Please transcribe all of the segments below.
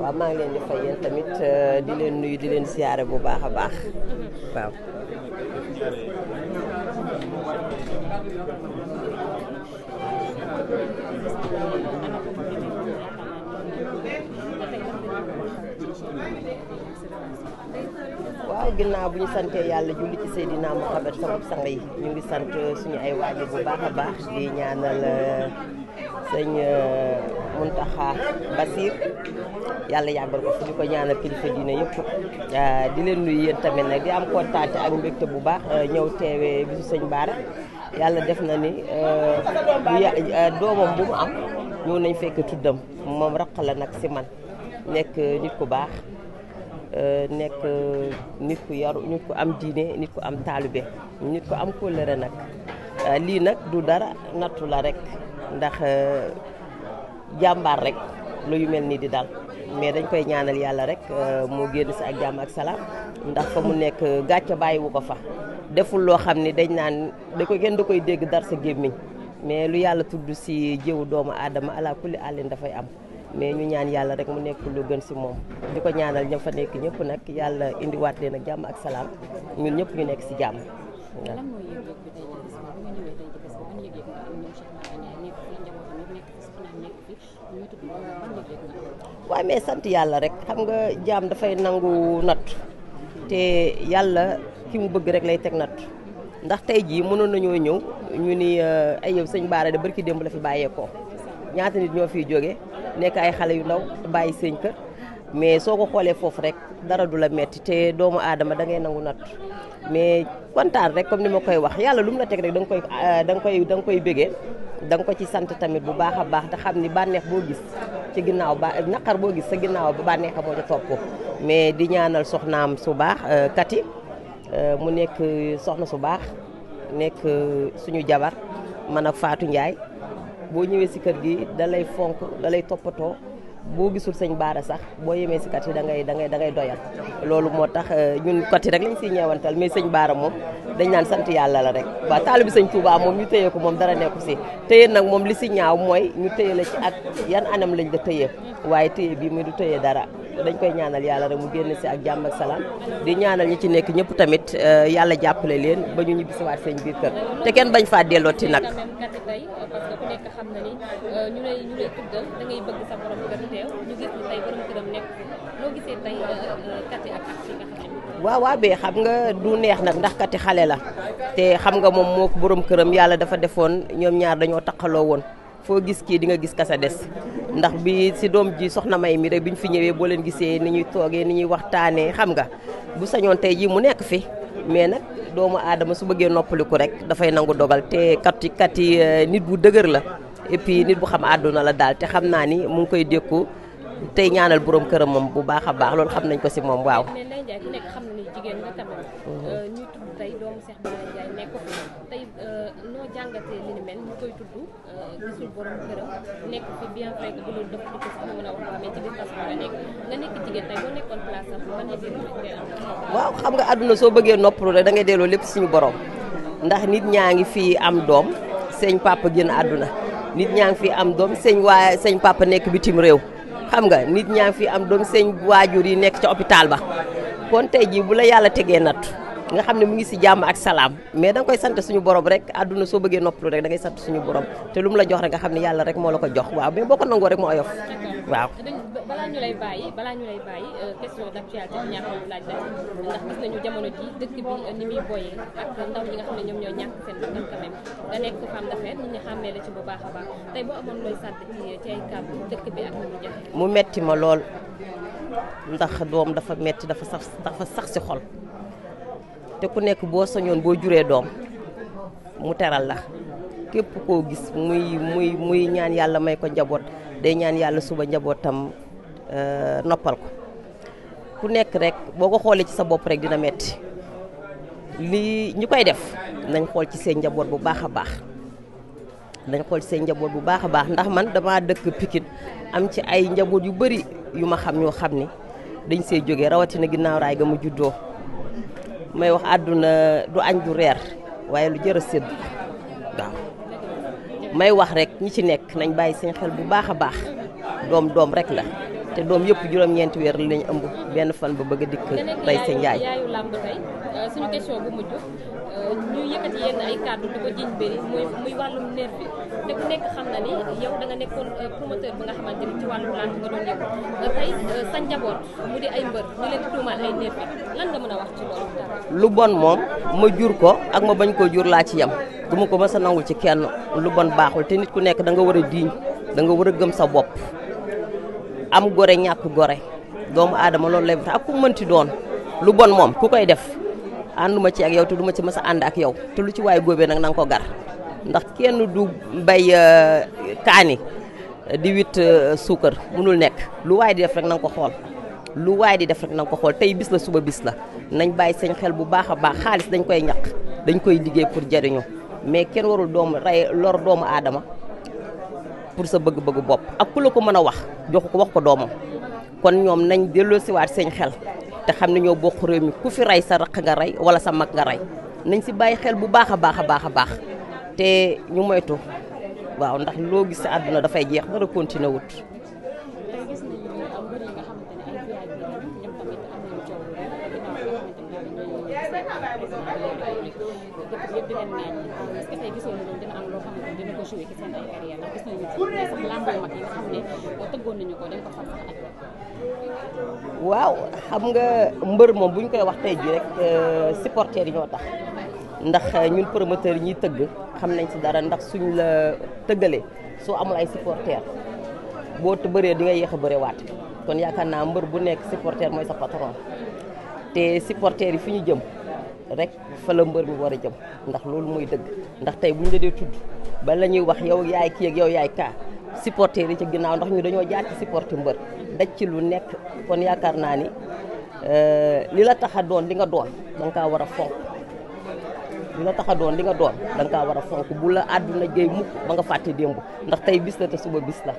waaw maa ngi leen di fay yéen tamit euh, di leen nuyu di leen siyaare bu baax a baax ginnaaw bu ñu santee yàlla julli ci Seydina Mouhamed sama sang yi ñu ngi sant suñu ay waajur bu baax a baax di ñaanal euh, sëñ euh, Muntaxa Basir yàlla yàggal ko fi di ko ñaanal kilifa diine yëpp euh, di leen nuyu yéen tamit nag di am kontaante ak mbégte bu baax ñëw teewee bisu sëñ Baara yàlla def na ni doomam bu mu am ñëw nañ fekk tuddam moom raq la nag si man nekk nit ku baax Euh, nekk euh, nit ku yaru nit ku am diine nit ku am taalibe nit ku am kóllëre nag euh, lii nag du dara nattu la rek ndax jàmbaar rek lu yu mel nii di dal mais dañ koy ñaanal yàlla rek moo génn sa ak jàmm ak salaam ndax fa mu nekk gàcce bàyyiwu ko fa deful loo xam ni dañ naan da ko kenn da koy dégg dar sa gémmiñ mais lu yàlla tudd si jëwu doomu aadama ala kulli dafay am mais ñu ñaan yàlla rek mu nekk lu gën si moom di ko ñaanal ña fa nekk ñëpp nag yàlla indiwaat leen ak jàmm ak salaam ñun ñëpp ñu nekk si jàmm. waaw mais sant yàlla rek xam nga jaam dafay nangu natt te yàlla ki mu bëgg rek lay teg natt ndax tey jii mënoon nañoo ñëw ñu ni euh, ay yow sëñ Baara de barki démb la fi bàyyeekoo. ñaata nit ñoo fiy jóge nekk ay xale yu ndaw bàyyi sëñ kër mais soo ko xoolee foofu rek dara du la metti te doomu aadama da ngay nangu natt mais kontaan rek comme ni ma koy wax yàlla lu mu la teg rek da nga koy euh, da koy da nga koy bégee da nga ko ci sant tamit bu baax a baax te xam ni bànneex boo gis ci ginnaaw ba naqar boo gis sa ginnaaw ba bànneex moo ca topp mais di ñaanal soxnaam su baax euh, Kati euh, mu nekk soxna su baax nekk suñu jabar man ak faatu njaay boo ñëwee si kër gi dalay fonk dalay toppatoo boo gisul sëñ Baara sax boo yemee si kat yi da ngay da ngay doyal loolu moo tax euh, ñun kat rek lañ siy ñeewantal mais sëñ Baara moom dañ naan sant yàlla la rek waaw bi sëñ tuubaa moom ñu téye ko moom dara nekku si téye nag moom li si ñaaw mooy ñu téye la ci ak yan anam lañ la téye waaye téye bii mu du téye dara dañ koy ñaanal yàlla rek mu génn si ak jàmm ak salaam di ñaanal ñi ci nekk ñëpp tamit euh, yàlla jàppale leen ba ñu ñibbi si waat seen biir kër te kenn bañ faa dellooti nag. teew xam euh, euh, waaw waaw bee xam nga du neex nag ndax kati xale la te xam nga moom moo borom këram yàlla dafa defoon ñoom ñaar dañoo taqaloo woon. foo gis kii di nga gis kasa des ndax bi si doom ji soxna may mi rek bi ñu fi ñëwee boo leen gisee ni ñuy toogee ni ñuy waxtaanee xam nga bu sañoon tey jii mu nekk fi mais nag doomu aadama su bëggee noppaliku rek dafay nangu dogal te kat yi euh, nit bu dëgër la. et puis nit bu xam àdduna la daal te xam naa ni mu ngi koy dékku tey ñaanal boroom këram moom bu baax a baax loolu xam nañ ko si moom waaw. mais xam jigéen mhm. euh, euh, euh, nga nga àdduna soo bëggee noppalu rek da ngay delloo lépp suñu boroom ndax nit ñaa ngi fii am doom seen papa génn àdduna. nit ñaan fi am doom sëñ waa sëñ papa nekk bitim réew xam nga nit ñaa ngi fi am doom sëñ waajur yi nekk ca hôpital ba kon tey jii bu la yàlla tegee natt nga xam ne mu ngi si jàmm ak salaam mais da koy sant suñu borom rek àdduna soo bëggee noppalu rek da sant suñu borom te lu mu la jox rek nga xam ne yàlla ko jox waaw mais boo ko nangoo waaw balaa euh, euh, ñoom ñoo ñàkk seen bakkan quand même nga nekk femme d'affaires ñu ñu xàmmee la ci bu baax a baax tey boo amoon looy sàdd ci ci ay dëkk bi ak ñu jafe mu metti ma lool ndax doom dafa metti dafa sax dafa sax si xol te ku nekk boo soñoon boo juree doom mu teral la képp koo gis muy muy muy ñaan yàlla may ko njaboot day ñaan yàlla suba njaboot tam euh, noppal ko ku nekk rek boo ko xoolee ci sa bopp rek dina metti lii ñu koy def nañ xool ci seen njaboot bu baax a baax nañ xool ci seen njaboot bu baax a baax ndax man dama dëkk Pikine am ci ay njaboot yu bari yu ma xam ñoo xam ni dañ see jógee rawatina ginnaaw raay ga ma juddoo may wax àdduna du añ du reer waaye lu jër a sédd waaw may wax rek ñi ci nekk nañ bàyyi seen xel bu baax a baax doom doom rek la te doom yëpp juróom-ñeenti weer lañ ëmb benn fan ba bëgg a dikk rey sa njaay Euh, euh, lu bon moom ma jur ko ak ma bañ koo jur laa ci yam duma ko mës a nangul ci kenn lu bon baaxul te nit ku nekk danga nga war a diiñ danga war a gëm sa bopp am gore ñàkk gore doomu aadama loolu lay ak ku mënti doon lu bon moom ku koy def ànduma ci ak yow te duma ci mës a ànd ak yow te lu ci waay góobee nag na ko gar ndax kenn du bay euh, kaani di wit euh, suukar mënul nekk lu waaye di def rek na ko xool lu waay di def rek na ko xool tey bis la suba bis la nañ bàyyi seen xel bu baax a baax xaalis dañ koy ñaq dañ koy liggéey pour jariñu mais kenn warul doomu rey lor doomu aadama pour sa bëgg-bëgg bopp ak ku la ko mën a wax jox ko wax ko doomam kon ñoom nañ delloo siwaat seen xel te xam ne ñoo bokk réew mi ku fi rey sa raq nga rey wala sa mag nga rey nañ si bàyyi xel bu baax a baax a baax a baax te ñu moytu waaw ndax loo gis sa àdduna dafay jeex dara continuer wut. ko joué ci seen ay ko xam nga buñ koy wax tay ji rek euh, supporter yi ñoo tax ndax euh, ñun promoteur yi ñuy tëgg xam nañ ci dara ndax suñ la tëggalee soo amul ay supporter te bëree di nga yéex a bëree waat kon yaakaar na mbër bu nekk supporter moy sa patron té supporter yi fuñu jëm rek fa la mbër bi war a jëm ndax loolu moy dëgg ndax tay buñ la dé tudd ba la ñuy wax yow yaay kii ak yow yaay kaa supporters yi ci ginnaaw ndax ñu dañoo jaar ci supporter mbër daj ci lu nekk kon yaakaar naa ni euh, li la tax a doon li nga doon da nga war a fonk li tax a doon li nga doon da kaa war a fonk bu la àdduna jëy mukk ba nga fàtte démb ndax tey bis la te suba bis la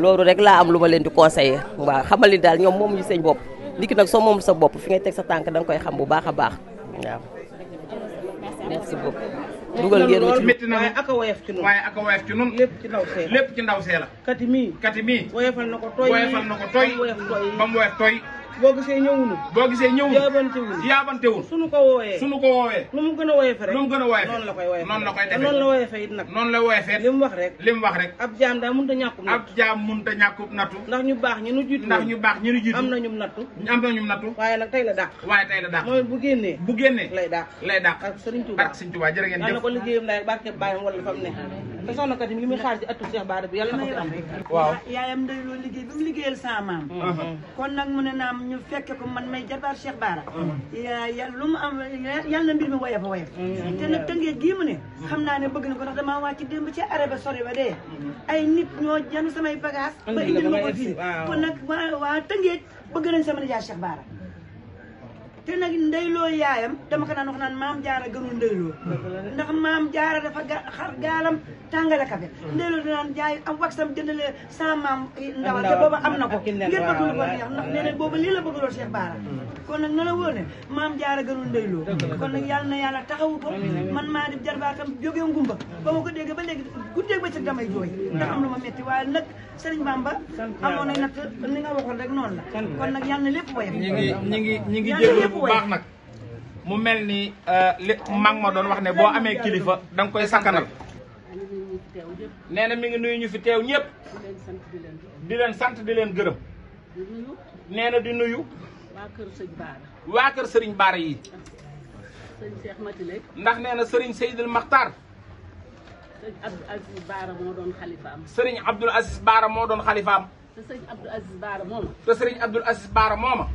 loolu rek laa am lu ma leen di conseiller waaw xamal ni daal ñoom moom ñu seen bopp niki nag soo moom sa bopp fi nga teg sa tànk danga koy xam bu baax a baax waaw merci beaucoup dugal ngeen ñu ci métti na waaye aka woyof ci lépp ci ndaw see lépp ci ndaw see la kati mii boo gisee ñëwunu boo gisee ñëwunu yaabantewul yaabantewul suñu ko wooyee suñu ko wooyee lu mu gën a wooyee fe rek lu mu gën a wooyee noonu la koy wooyee noonu la koy defee noonu la wooyee fe it nag noonu la wooyee fe li mu wax rek li mu wax rek ab jaam daa mënta ñàkkub nattu ndax ñu baax ñu nu jiitu ndax ñu baax ñu nu jiitu am na ñum nattu am na ñum nattu waaye nag tey la dàq waaye tey la dàq mooy bu génnee bu génnee lay dàq lay dàq ak Sëriñ Tuubaa ak Sëriñ Tuubaa jërë ngeen ko liggéeyam daal barke bàyyam wala fam ne te soxnakat yi li muy xaar ci atu Cheikh Bara bi yàlla na ko fi am waaw yaayam day loolu liggéey bi mu liggéeyal mm-hmm. uh-huh. mu ne naam ñu fekke ko man may jabaar Cheikh Bara uh-huh. ya lu mu am yàlla na mbir mi woyof a woyof mm-hmm. te nag tëngee gii mu ne xam naa ne bëgg na ko ndax damaa wàcc démb ci arabe sori ba dee mm-hmm. ay nit ñoo janu samay bagage ba indil ma ko fii kon nag waa waa tëngee bëgg nañ sama nijaay Cheikh Bara te nag ndeyloo yaayam dama ko naan wax naan maam jaara gënul ndeyloo ndax maam jaara dafa ga xar gaalam tàngale kafe ndeyloo dinaan jaay am waxam jëndale sa maam ndawal te booba am na ko ngeen bëgg lu ko neex ndax nee na booba lii la bëgg lool Cheikh Bara mm. kon nag na la wóor ne maam jaara gënul ndeyloo kon nag yàlla na yàlla taxawu ko man maa di jarbaatam jógee ngumba ma ko dégg ba léegi guddeeg ba ci damay jooy mm. ndax am lu ma metti waaye nag Serigne Bamba amoon na nag ni nga waxoon rek noonu la kon nag yàlla na lépp boyam ñi ngi ñi ngi bu baax nag mu mel ni euh, li mag ma doon wax ne boo amee kilifa danga koy sakkanal nee na mi ngi nuyu ñu fi teew ñëpp di leen sant di leen gërëm nee di nuyu waa kër sëriñ Baara yi ndax nee na sëriñ Seydil Maxtaar sëriñ Abdul Aziz Baara moo doon xalifaam sëriñ Abdul moo doon xalifaam te sëriñ Abdul Aziz Baara mooma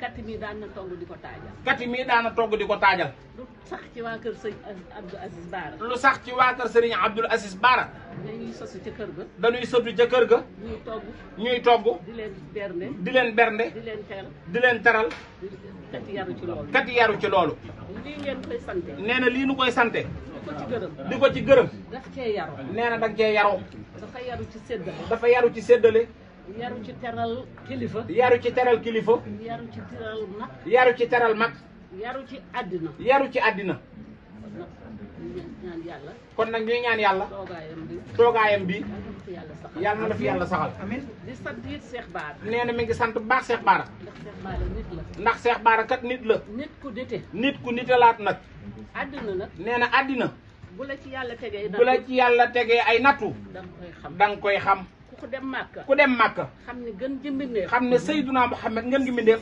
kati mii daan na togg di ko taajal. kati mii daan na togg di ko taajal. lu sax ci waa kër sëñ Abdou Aziz Baara. lu sax ci waa kër sëriñ Abdou Aziz Baara. dañuy sosu ci kër ga. dañuy sosu ca kër ga. ñuy togg. ñuy togg. di leen bernde. di leen bernde. di leen teral. di leen teral. kati yaru ci loolu. kati yaru ci loolu. lii ngeen koy sante. nee na lii nu koy sante. di ko ci gërëm di ko ci gërëm. daf cee yaru. nee na daf cee yaru. yaru ci séddale. dafa yaru ci séddale. yaru ci teral kilifa. yaru ci teral kilifa. yaru ci teral mag. yaru ci teral ci àddina. yaru ci àddina. kon nag ñuy ñaan yàlla. toogaayam bi toogaayam bi. yàlla na la fi yàlla saxal. amiin di mi ngi sant bu baax Cheikh Baara. ndax Cheikh Baara la. ndax Cheikh Baara kat nit la. nit ku nitalaat nag. àddina na àddina. bu la ci yàlla tegee. bu ci yàlla tegee ay nattu. da nga koy xam. ku dem Màkka. ku dem Màkka. xam ne gën gi xam ne Seydunaa naa ngën gi mbindeef.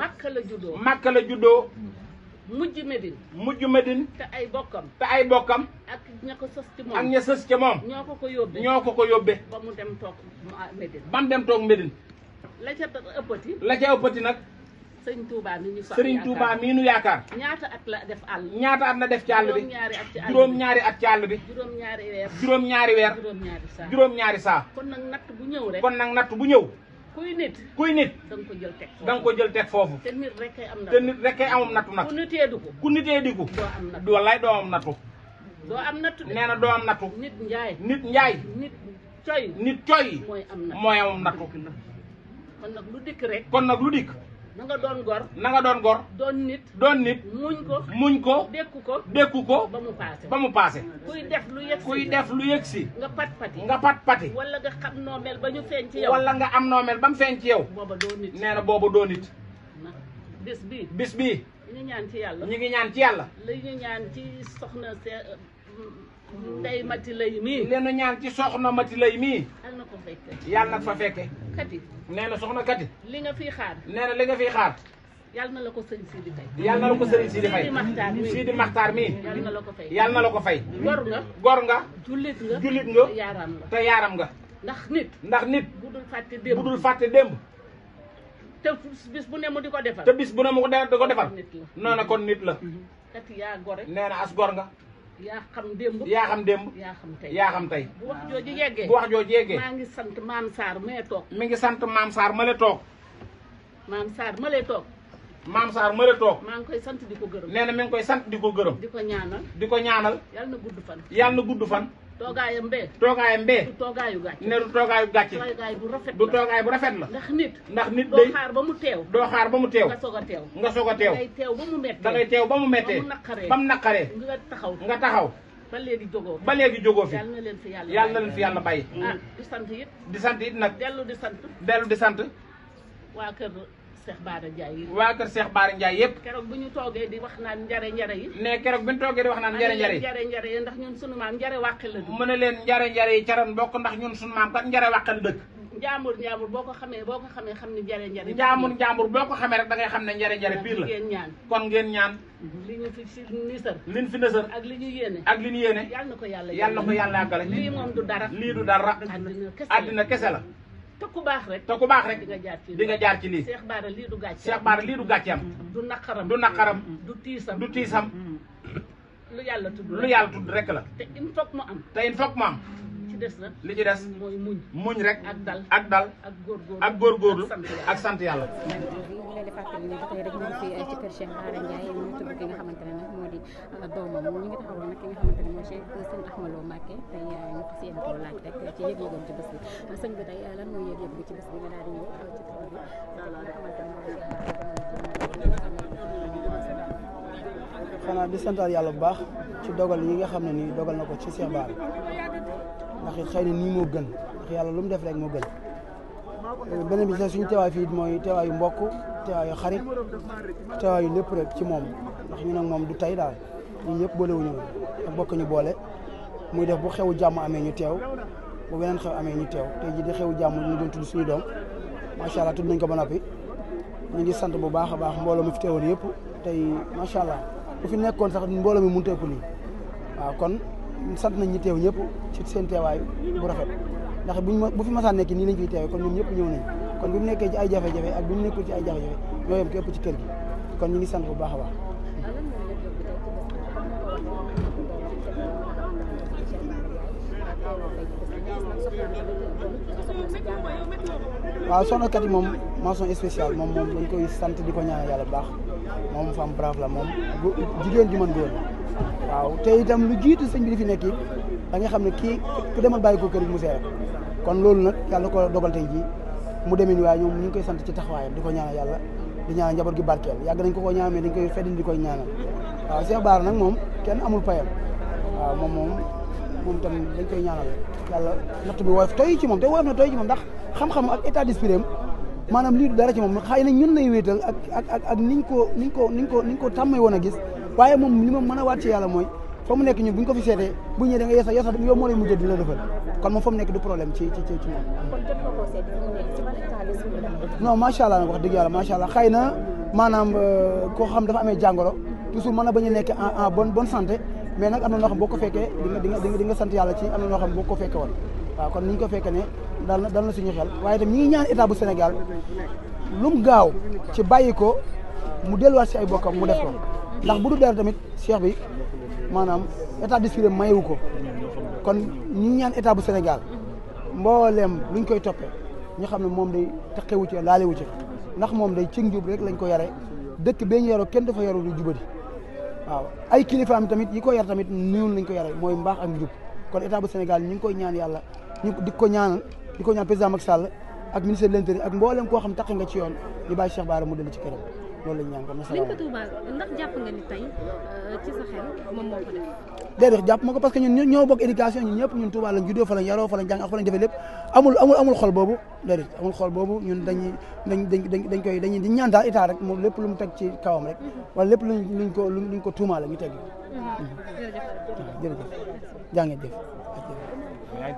Màkka la juddoo. Màkka la juddoo. mujj Medine. mujj Medine. te ay bokkam. te ay bokkam. ak ña ko sës ci moom ña ñoo ko ko yóbbee ko ko yóbbee. ba mu dem toog Medine. ba mu dem toog Medine. la ca ëppati. la ca ëppati nag. sëriñ Touba mi ñu sëriñ Touba mii nu yaakaar. ñaata at la def àll. ñaata at na def ci àll bi juróom-ñaari at ci àll bi juróom-ñaari weer juróom-ñaari weer juróom-ñaari saa kon nag natt bu ñëw rek kon nag natt bu ñëw kuy nit kuy nit da ko jël teg da nga jël foofu te nit rek am nattu te nit rek kay amum nattu nag ku nitee di ko ku nitee di doo am nattu wallaay doo am nattu doo am na doo am nattu nit njaay nit njaay nit coy nit coy mooy am nattu mooy amum nattu kon nag lu dikk kon nag lu dikk na nga doon gor. na nga doon gor. doon nit. doon nit. muñ ko. muñ ko. dékku ko. dékku ko. ba mu paase. ba mu paase. kuy def lu yëg si. kuy def lu yëg si. nga pat pati. nga pat pati. wala nga xam noo ba ñu feeñ ci yow. wala nga am noo mel ba mu feeñ ci yow. booba doo nit nee na booba doo nit. bis bii. bis bii. ñu ñaan ci yàlla. ñu ngi ñaan ci yàlla. li ñu ñaan ci soxna se euh, Ndeye Mati lay mii. li ñu ñaan ci soxna Mati lay mii. yàlla na ko fekke. yàlla fa fekke. kati. nee na soxna Kati. li nga fiy xaar. nee na li nga fiy xaar. yàlla na la Sidi fay. yàlla na Sidi fay. Sidi Maxtaar mii Sidi Maxtaar fay yàlla na la ko fay. gor nga gor nga. jullit nga jullit nga. te nga te yaaram nga. ndax nit. ndax nit. bu dul fàtte te bis bu di ko defal. te bis bu ne mu di ko defal. nit la nee na kon nit la. Kati as gor nga. yaa xam démb. yaa xam démb. yaa xam tey yaa xam tey. bu wax jooju yeggee bu wax jooju yeggee. maa ngi sant maam saar ma toog. mi ngi sant maam saar ma lay toog. maam Sarr ma lay toog. maam Sarr ma lay toog. maa ngi koy sant di ko gërëm. nee na mi ngi koy sant di ko gërëm. di ko ñaanal. di ko ñaanal. yàlla na gudd fan. yàlla na gudd fan. toogaayam bee. toogaayam bee. du toogaayu gàcce. ne du toogaayu gàcce. toogaay bu rafet la du toogaay bu rafet la. ndax nit. ndax nit day doo xaar ba mu teew. doo xaar ba mu teew. nga soog a teew. nga soog a teew. da ngay teew ba mu méttee. da ngay teew ba mu méttee. ba mu naqaree nga taxaw nga taxaw. ba léegi jógoo ba léegi jógoo fi. yàlla na leen fi yàlla bàyyi na leen fi yàlla bàyyi. ah di sant it. di sant it nag. dellu di sant. dellu di sant. waa kër Cheikh Baara Ndiaye yëpp. waa kër Cheikh Baara Ndiaye yëpp. keroog bu ñu toogee di wax naan njare njare yi. ne keroog bu ñu toogee di wax naan njare njare yi. njare njare yi ndax ñun sunu maam njare wàqe dëkk. mu ne leen njare njare yi caroon bokk ndax ñun sunu maam kat njare wàqe la dëkk. njaamur njaamur boo ko xamee boo ko xamee xam ni njare njare. njaamur njaamur boo ko xamee rek da ngay xam ne njare njare biir la ngeen ñaan kon ngeen ñaan. li ñu fi si nisar. li ñu fi nisar. ak li ñu yéene. ak li ñu yéene. yàlla na ko yàlla yàlla na ko yàlla àggale. lii moom du dara. lii du dara. àddina kese la te ku baax rek te ku baax rek di nga jaar ci lii Cheikh Bara lii du gàcce Cheikh Bara lii du gàcceem du naqaram du naqaram du tiisam du tiisam lu yàlla tudd lu yàlla tudd rek la te il faut mu am te il faut mu am ci des nag li ci des muñ muñ rek ak dal ak dal ak ak ak ñu leen di fàttali rek ñu eh, ci kër Cheikh ki nga di eh, ñu ngi taxawal nag ki nga xamante ne Cheikh sëñ Ahmadou Mbacké tey eh, ñu ko seen ko laaj rek ci ci bi sëñ bi lan bi ci bi nga daal di ci taxaw bi di bu baax ci dogal yi nga dogal ci Cheikh ndax it xëy na nii moo gën ndax yàlla lu mu def rek moo gën beneen bi sax suñu teewaay fii mooy teewaayu mbokk teewaayu xarit teewaayu lépp rek ci moom ndax ñu nag moom du tey daal ñun ñëpp boolewuñu ak bokk ñu boole muy def bu xewu jàmm amee ñu teew bu beneen xew amee ñu teew tey jii di xew jàmm ñu doon tudd suñu doom macha allah tudd nañ ko ba noppi ñu ngi sant bu baax a baax mbooloo mi fi teewoon yëpp tey macha allah bu fi nekkoon sax mbooloo mi mënut sant nañ ñi teew ñëpp ci seen teewaay bu rafet ndax buñ bu fi masaan nekk nii lañ fiy teewee kon ñun ñëpp ñëw nañ kon bu nekkee ci ay jafe-jafe bu nekkul ci ay jafe-jafe ñoo ci kër gi kon ñu ngi sant bu baax a baax waaw moom mention spéciale moom dañ koy sant di ko ñaanal baax moom femme brave la moom jigéen ju mën góor waaw te itam lu jiitu sëñ bi di fi nekk it da nga xam ne kii ku demal bàyyi kër mu seera kon loolu nag yàlla ko dogal tey jii mu demee nii waaye ñoom ñu ngi koy sant ci taxawaayam di ko ñaanal yàlla di ñaanal njaboot gi barkeel yàgg nañ ko koo ñaanal mais dañ koy fedd di koy ñaanal waaw Cheikh Bara nag moom kenn amul payam waaw moom moom moom tam dañ koy ñaanal yàlla natt bi woyof toy ci moom te woyof na toy ci moom ndax xam-xam ak état d'esprit am maanaam lii du dara ci moom xëy na ñun lay wéetal ak ak ak niñ ko niñ ko niñ ko niñ ko tàmmee woon a gis waaye moom li ma mën a waat ci yàlla mooy fa mu nekk ñun bu ñu ko fi seetee bu ñëwee da nga yeesa yeesa yow moo lay mujjee di la kon moom fa mu nekk du problème ci ci ci moom. kon allah nag wax dëgg yàlla macha allah xëy na maanaam euh, koo xam dafa amee jàngoro toujours mën na bañ a nekk en en bon bonne mais nag am na noo xam boo ko fekkee di nga di sant yàlla ci am na xam boo ko fekkee woon waaw kon ni ñu ko fekkee ne dal na dal na suñu xel waaye itam ñi ngi ñaan état bu Sénégal lu gaaw ci bàyyi ko mu delluwaat si ay bokkam mu def ko ndax bu du dara tamit cheikh bi maanaam état d'esprit mayewu ko kon ñu ñaan état bu Sénégal mbooleem luñ koy toppee ñu xam ne moom day taqewu ci laalewu ci ndax moom day ci njub rek lañ ko yare dëkk bee ñu yaroo kenn dafa yaroo du jubadi waaw ay kilifaam tamit yi ko yar tamit nuyul lañ ko yare mooy mbaax ak njub kon état bu Sénégal ñu ngi koy ñaan yàlla ñu di ko ñaanal di ko ñaan président Macky Sall ak ministre de ak mboolem koo xam taqe nga ci yoon ñu bàyyi Cheikh Bara mu dellu ci këram loolu la ñu ñaan ko macha allah liñ ko tuubaal ndax jàpp nga ni tey euh, ci sa xel moom moo ko def. déedéet jàpp ma ko parce que ñun ñoo bokk éducation ñun ñëpp ñun Touba lañ juddoo fa lañ yaroo fa lañ jàng ak fa lañ defee lépp boobu déedéet amul boobu ñun dañuy dañ dañ dañ koy dañuy di ñaan daal rek moom lépp lu mu teg ci kawam rek mm-hmm. wala lépp luñ luñ ko luñ ko tuumaale ñu teg mm-hmm. Mm-hmm. jërëjëf jaa ngeen